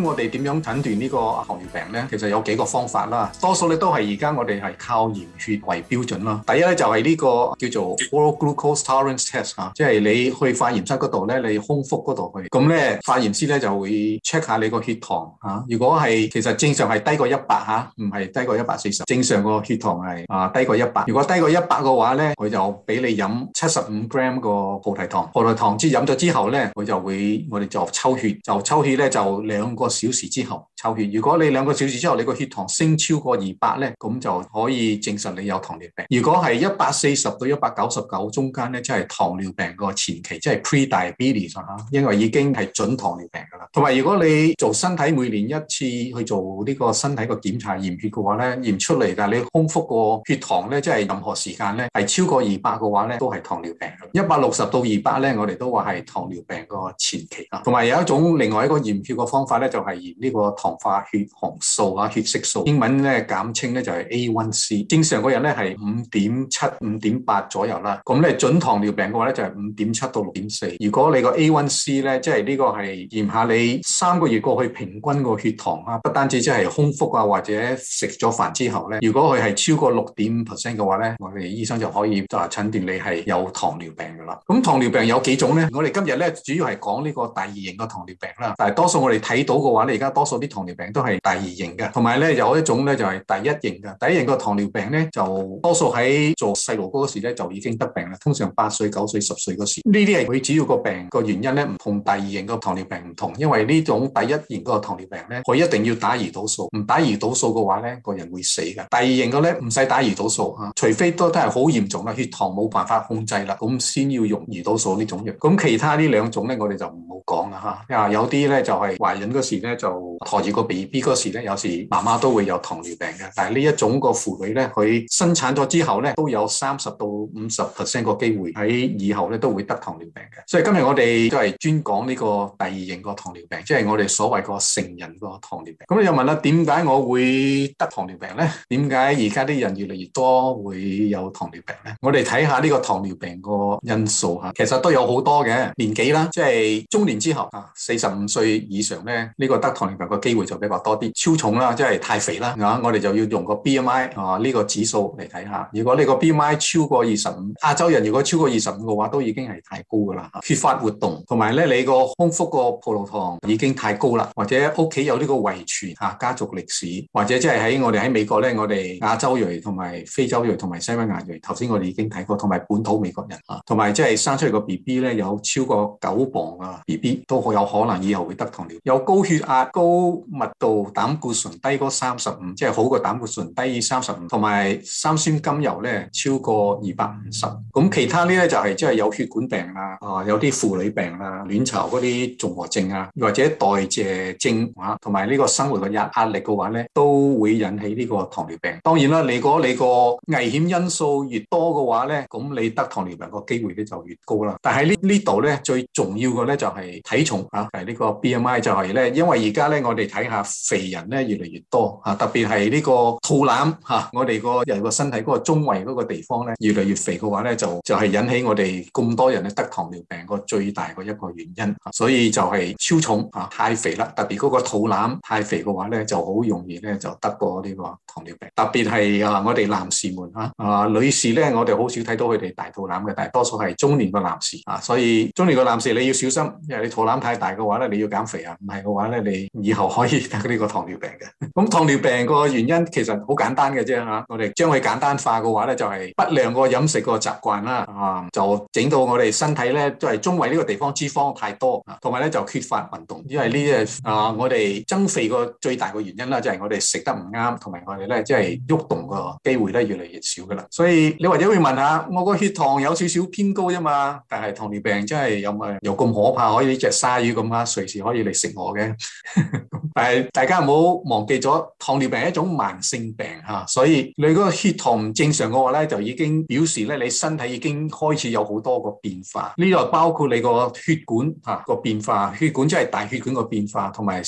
咁我哋點樣診斷呢個糖尿病呢？其實有幾個方法啦，多數咧都係而家我哋係靠驗血為標準啦。第一呢就係、是、呢、呢個叫做 oral glucose tolerance test、啊、即係你去化驗室嗰度呢，你空腹嗰度去，咁呢化驗師呢就會 check 下你個血糖、啊、如果係其實正常係低過一百嚇，唔係低過一百四十，正常個血糖係啊低過一百。如果低過一百嘅話呢，佢就俾你飲七十五 gram 個葡萄糖。葡萄糖之後飲咗之後呢，佢就會我哋就抽血，就抽血呢就兩個小時之後抽血，如果你兩個小時之後你個血糖升超過二百咧，咁就可以證實你有糖尿病。如果係一百四十到一百九十九中間咧，即係糖尿病個前期，即係 pre-diabetes 啊，因為已經係準糖尿病噶啦。同埋，如果你做身體每年一次去做呢個身體個檢查驗血嘅話咧，驗出嚟噶你空腹個血糖咧，即係任何時間咧係超過二百嘅話咧，都係糖尿病。一百六十到二百咧，我哋都話係糖尿病個前期啦。同埋有、有一種另外一個驗血嘅方法咧，就就係呢個糖化血紅素啊、血色素，英文咧簡稱咧就係 A1C。正常個人咧係五點七、五點八左右啦。咁咧準糖尿病嘅話咧就係五點七到六點四。如果你 A1C 呢、就是、個 A1C 咧即係呢個係驗下你三個月過去平均個血糖啊，不單止即係空腹啊，或者食咗飯之後咧，如果佢係超過六點五 percent 嘅話咧，我哋醫生就可以就診斷你係有糖尿病㗎啦。咁糖尿病有幾種咧？我哋今日咧主要係講呢個第二型嘅糖尿病啦。但係多數我哋睇到嘅話咧，而家多數啲糖尿病都係第二型嘅，同埋咧有一種咧就係第一型嘅。第一型個糖尿病咧就多數喺做細路哥嗰時咧就已經得病啦。通常八歲、九歲、十歲嗰時，呢啲係佢主要個病個原因咧，唔同第二型個糖尿病唔同。因為呢種第一型個糖尿病咧，佢一定要打胰島素，唔打胰島素嘅話咧，個人會死㗎。第二型嘅咧唔使打胰島素啊，除非都都係好嚴重啦，血糖冇辦法控制啦，咁先要用胰島素呢種藥。咁其他呢兩種咧，我哋就唔好講啦嚇。啊，有啲咧就係懷孕嗰時。咧就托住個 B B 嗰時咧，有時媽媽都會有糖尿病嘅。但係呢一種個婦女咧，佢生產咗之後咧，都有三十到五十 percent 個機會喺以後咧都會得糖尿病嘅。所以今日我哋都係專講呢個第二型個糖尿病，即係我哋所謂個成人個糖尿病。咁你又問啦，點解我會得糖尿病咧？點解而家啲人越嚟越多會有糖尿病咧？我哋睇下呢個糖尿病個因素吓，其實都有好多嘅。年紀啦，即係中年之後啊，四十五歲以上咧呢。個得糖尿病嘅機會就比較多啲，超重啦，即係太肥啦，啊！我哋就要用個 BMI 啊呢個指數嚟睇下。如果你個 BMI 超過二十五，亞洲人如果超過二十五嘅話，都已經係太高噶啦。缺乏活動，同埋咧你個空腹個葡萄糖已經太高啦，或者屋企有呢個遺傳啊家族歷史，或者即係喺我哋喺美國咧，我哋亞洲裔同埋非洲裔同埋西班牙裔，頭先我哋已經睇過，同埋本土美國人啊，同埋即係生出嚟個 BB 咧有超過九磅啊，BB 都好有可能以後會得糖尿有高血壓高密度膽固醇低 35, 過三十五，即係好嘅膽固醇低於三十五，同埋三酸甘油咧超過二百五十。咁其他呢咧就係即係有血管病啊，啊有啲婦女病啦、啊、卵巢嗰啲綜合症啊，或者代謝症啊，同埋呢個生活嘅壓,壓力嘅話咧，都會引起呢個糖尿病。當然啦，你果你個危險因素越多嘅話咧，咁你得糖尿病個機會咧就越高啦。但係呢呢度咧，最重要嘅咧就係體重嚇、啊，係、就係、呢個 B M I 就係咧。因為而家咧，我哋睇下肥人咧越嚟越多啊，特別係呢個肚腩吓，我哋個人個身體嗰個中圍嗰個地方咧，越嚟越肥嘅話咧，就就係引起我哋咁多人咧得糖尿病個最大個一個原因，所以就係超重啊，太肥啦，特別嗰個肚腩太肥嘅話咧，就好容易咧就得過呢個糖尿病，特別係啊我哋男士們吓啊、呃、女士咧，我哋好少睇到佢哋大肚腩嘅，但係多數係中年嘅男士啊，所以中年嘅男士你要小心，因為你肚腩太大嘅話咧，你要減肥啊，唔係嘅話你以後可以得呢個糖尿病嘅。咁 糖尿病個原因其實好簡單嘅啫嚇。我哋將佢簡單化嘅話咧，就係不良個飲食個習慣啦，啊，就整到我哋身體咧都係中胃呢個地方脂肪太多，同埋咧就缺乏運動。因為呢啲係啊，我哋增肥個最大個原因啦，就係我哋食得唔啱，同埋我哋咧即係喐動個機會咧越嚟越少噶啦。所以你或者會問下，我個血糖有少少偏高啫嘛，但係糖尿病真係有冇有咁可怕？可以隻鯊魚咁啊，隨時可以嚟食我嘅？ 但係大家唔好忘記咗，糖尿病係一種慢性病吓，所以你嗰個血糖唔正常嘅話咧，就已經表示咧你身體已經開始有好多個變化。呢度，包括你個血管吓個變化，血管即係大血管個變化，同埋。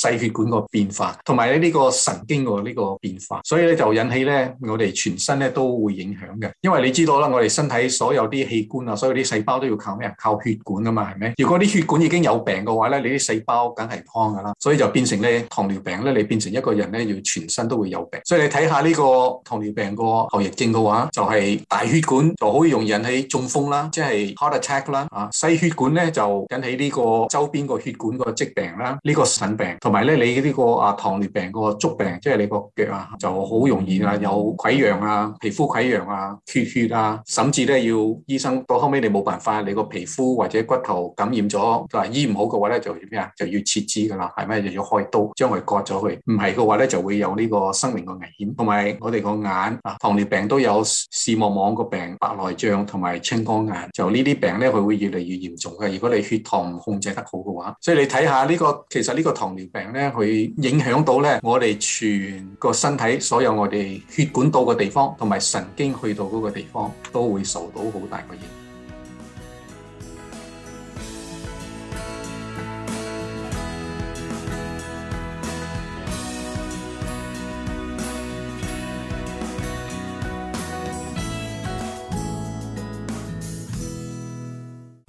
細血管個變化，同埋呢個神經個呢個變化，所以咧就引起呢我哋全身咧都會影響嘅。因為你知道啦，我哋身體所有啲器官啊，所有啲細胞都要靠咩？靠血管啊嘛，係咪？如果啲血管已經有病嘅話呢，你啲細胞梗係湯㗎啦，所以就變成呢糖尿病呢你變成一個人呢，要全身都會有病。所以你睇下呢個糖尿病個後遺症嘅話，就係、是、大血管就好容易引起中風啦，即、就、係、是、heart attack 啦。啊，細血管呢就引起呢個周邊個血管個疾病啦，呢個腎病。呢個腎病同埋咧，你呢個啊糖尿病個足病，即係你個腳啊，就好容易啊有潰瘍啊、皮膚潰瘍啊、缺血啊，甚至咧要醫生到後尾你冇辦法，你個皮膚或者骨頭感染咗，就醫唔好嘅話咧，就要咩啊？就要截肢噶啦，係咪？就要開刀將佢割咗，佢唔係嘅話咧，就會有呢個生命個危險。同埋我哋個眼啊，糖尿病都有視網膜個病、白內障同埋青光眼，就呢啲病咧，佢會越嚟越嚴重嘅。如果你血糖控制得好嘅話，所以你睇下呢個其實呢個糖尿病。病咧，佢影響到咧，我哋全個身體所有我哋血管到嘅地方，同埋神經去到嗰個地方，都會受到好大嘅影響。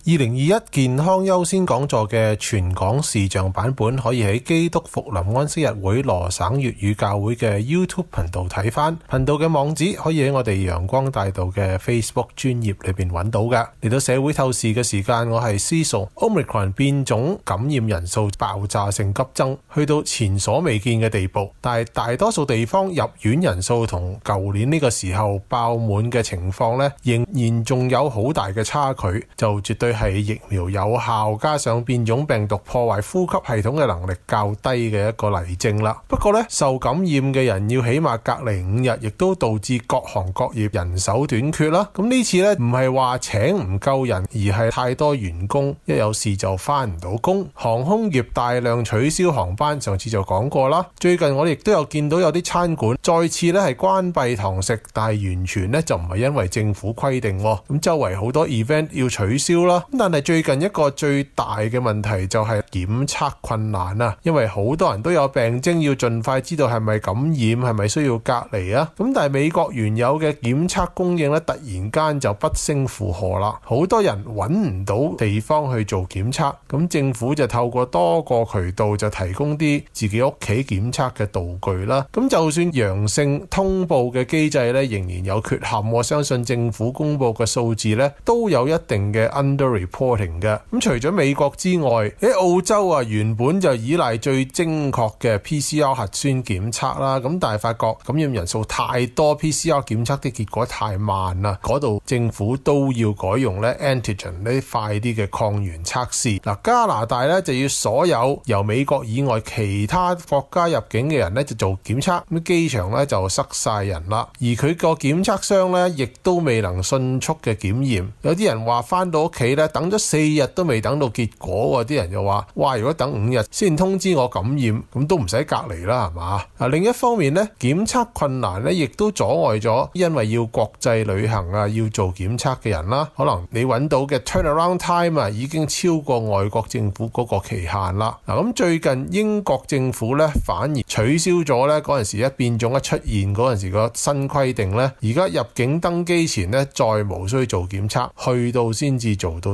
二零二一健康優先講座嘅全港視像版本可以喺基督復臨安息日會羅省粵語教會嘅 YouTube 頻道睇翻。頻道嘅網址可以喺我哋陽光大道嘅 Facebook 專頁裏邊搵到嘅。嚟到社會透視嘅時間，我係司徒。Omicron 變種感染人數爆炸性急增，去到前所未見嘅地步。但係大多數地方入院人數同舊年呢個時候爆滿嘅情況咧，仍然仲有好大嘅差距，就絕對。係疫苗有效，加上變種病毒破壞呼吸系統嘅能力較低嘅一個例證啦。不過咧，受感染嘅人要起碼隔離五日，亦都導致各行各業人手短缺啦。咁呢次咧唔係話請唔夠人，而係太多員工一有事就返唔到工。航空業大量取消航班，上次就講過啦。最近我哋亦都有見到有啲餐館再次咧係關閉堂食，但係完全咧就唔係因為政府規定。咁周圍好多 event 要取消啦。咁但係最近一個最大嘅問題就係檢測困難啊，因為好多人都有病徵，要盡快知道係咪感染，係咪需要隔離啊。咁但係美國原有嘅檢測供應咧，突然間就不勝負荷啦，好多人揾唔到地方去做檢測。咁政府就透過多個渠道就提供啲自己屋企檢測嘅道具啦。咁就算陽性通報嘅機制咧，仍然有缺陷。我相信政府公佈嘅數字咧，都有一定嘅 under reporting 嘅。咁除咗美國之外，喺澳洲啊，原本就依賴最精確嘅 PCR 核酸檢測啦。咁但係發覺感染人數太多，PCR 檢測啲結果太慢啦，嗰度政府都要改用咧 antigen 呢啲快啲嘅抗原測試。嗱，加拿大咧就要所有由美國以外其他國家入境嘅人咧就做檢測，咁機場咧就塞晒人啦。而佢個檢測箱咧亦都未能迅速嘅檢驗，有啲人話翻到屋企咧。等咗四日都未等到結果喎，啲人又話，哇！如果等五日先通知我感染，咁都唔使隔離啦，係嘛？啊，另一方面咧，檢測困難咧，亦都阻礙咗，因為要國際旅行啊，要做檢測嘅人啦。可能你揾到嘅 turnaround time 啊，已經超過外國政府嗰個期限啦。嗱，咁最近英國政府咧，反而取消咗咧嗰陣時一變種一出現嗰陣時個新規定咧，而家入境登機前咧，再無需做檢測，去到先至做到。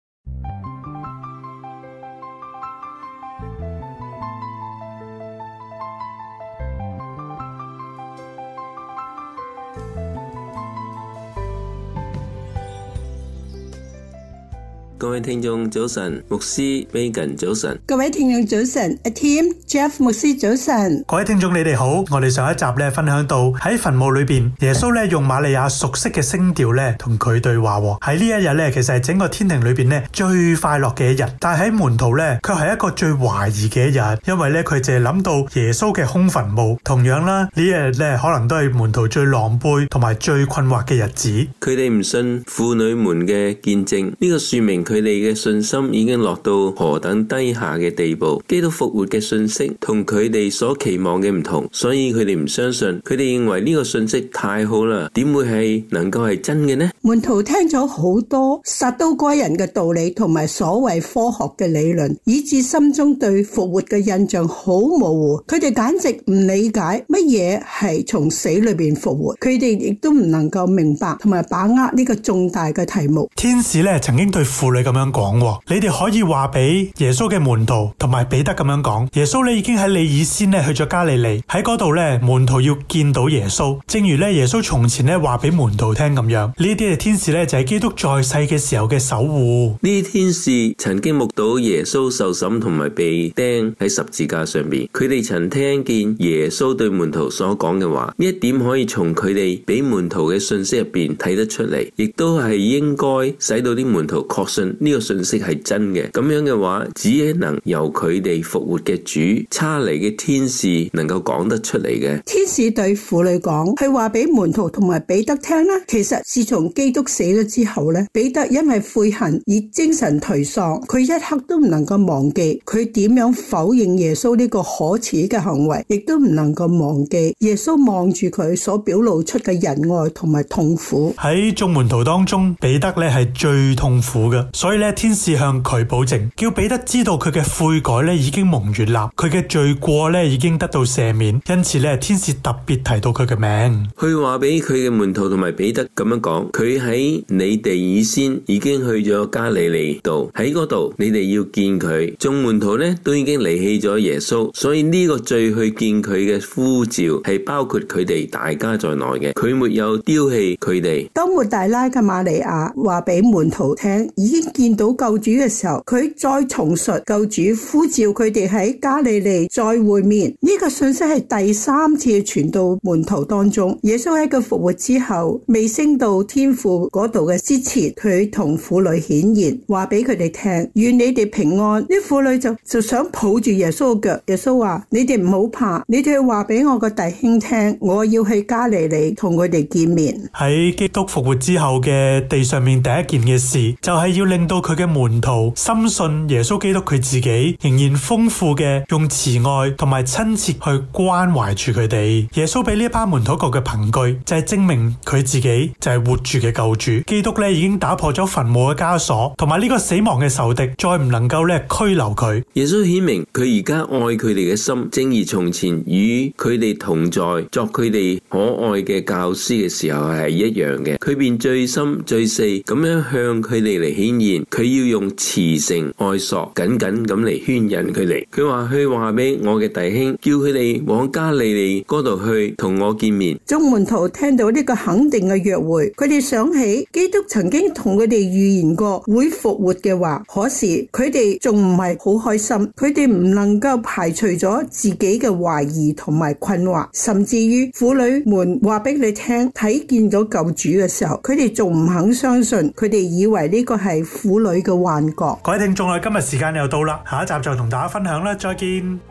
各位聽眾早晨，牧師 Beckin 早晨，各位聽眾早晨，阿 Team Jeff 牧師早晨，各位聽眾你哋好，我哋上一集咧分享到喺墳墓裏邊，耶穌咧用瑪利亞熟悉嘅聲調咧同佢對話喎。喺呢一日咧，其實係整個天庭裏邊咧最快樂嘅一日，但係喺門徒咧卻係一個最懷疑嘅一日，因為咧佢淨係諗到耶穌嘅空墳墓。同樣啦，呢一日咧可能都係門徒最狼狽同埋最困惑嘅日子。佢哋唔信婦女們嘅見證，呢個說明佢。你嘅信心已經落到何等低下嘅地步？基督復活嘅信息同佢哋所期望嘅唔同，所以佢哋唔相信。佢哋認為呢個信息太好啦，點會係能夠係真嘅呢？門徒聽咗好多撒都該人嘅道理同埋所謂科學嘅理論，以致心中對復活嘅印象好模糊。佢哋簡直唔理解乜嘢係從死裏邊復活。佢哋亦都唔能夠明白同埋把握呢個重大嘅題目。天使咧曾經對婦女嘅。咁樣講，你哋可以話俾耶穌嘅門徒同埋彼得咁樣講，耶穌咧已經喺你以先咧去咗加利利，喺嗰度咧門徒要見到耶穌，正如咧耶穌從前咧話俾門徒聽咁樣。呢啲嘅天使咧就係基督在世嘅時候嘅守護，呢啲天使曾經目睹耶穌受審同埋被釘喺十字架上面。佢哋曾聽見耶穌對門徒所講嘅話，呢一點可以從佢哋俾門徒嘅信息入邊睇得出嚟，亦都係應該使到啲門徒確信。呢個信息係真嘅，咁樣嘅話，只能由佢哋復活嘅主差嚟嘅天使能夠講得出嚟嘅。天使對婦女講，係話俾門徒同埋彼得聽啦。其實自從基督死咗之後呢，彼得因為悔恨而精神頹喪，佢一刻都唔能夠忘記佢點樣否認耶穌呢個可恥嘅行為，亦都唔能夠忘記耶穌望住佢所表露出嘅仁愛同埋痛苦。喺眾門徒當中，彼得咧係最痛苦嘅，所以咧，天使向佢保證，叫彼得知道佢嘅悔改咧已經蒙悅納，佢嘅罪過咧已經得到赦免。因此咧，天使特別提到佢嘅名，佢話俾佢嘅門徒同埋彼得咁樣講。佢喺你哋以先已經去咗加利利度，喺嗰度你哋要見佢。眾門徒呢都已經離棄咗耶穌，所以呢個再去見佢嘅呼召係包括佢哋大家在內嘅。佢沒有丟棄佢哋。當抹大拉嘅瑪利亞話俾門徒聽，已經。見到救主嘅時候，佢再重述救主呼召佢哋喺加利利再會面呢個信息係第三次傳到門徒當中。耶穌喺佢復活之後，未升到天父嗰度嘅之前，佢同婦女顯現，話俾佢哋聽：願你哋平安。啲婦女就就想抱住耶穌嘅腳。耶穌話：你哋唔好怕，你哋話俾我個弟兄聽，我要去加利利同佢哋見面。喺基督復活之後嘅地上面第一件嘅事，就係要令。到佢嘅門徒深信耶穌基督，佢自己仍然豐富嘅用慈愛同埋親切去關懷住佢哋。耶穌俾呢一班門徒個嘅憑據，就係證明佢自己就係活住嘅救主。基督咧，已經打破咗墳墓嘅枷鎖，同埋呢個死亡嘅仇敵再唔能夠咧拘留佢。耶穌顯明佢而家愛佢哋嘅心，正如從前與佢哋同在作佢哋可愛嘅教師嘅時候係一樣嘅。佢便最深最細咁樣向佢哋嚟顯現。佢要用慈誠愛索緊緊咁嚟勸引佢哋。佢話，去話俾我嘅弟兄，叫佢哋往加利利嗰度去同我見面。眾門徒聽到呢個肯定嘅約會，佢哋想起基督曾經同佢哋預言過會復活嘅話，可是佢哋仲唔係好開心。佢哋唔能夠排除咗自己嘅懷疑同埋困惑，甚至於婦女們話俾你聽睇見咗救主嘅時候，佢哋仲唔肯相信，佢哋以為呢個係。婦女嘅幻覺，各位聽眾啊，今日時間又到啦，下一集再同大家分享啦，再見。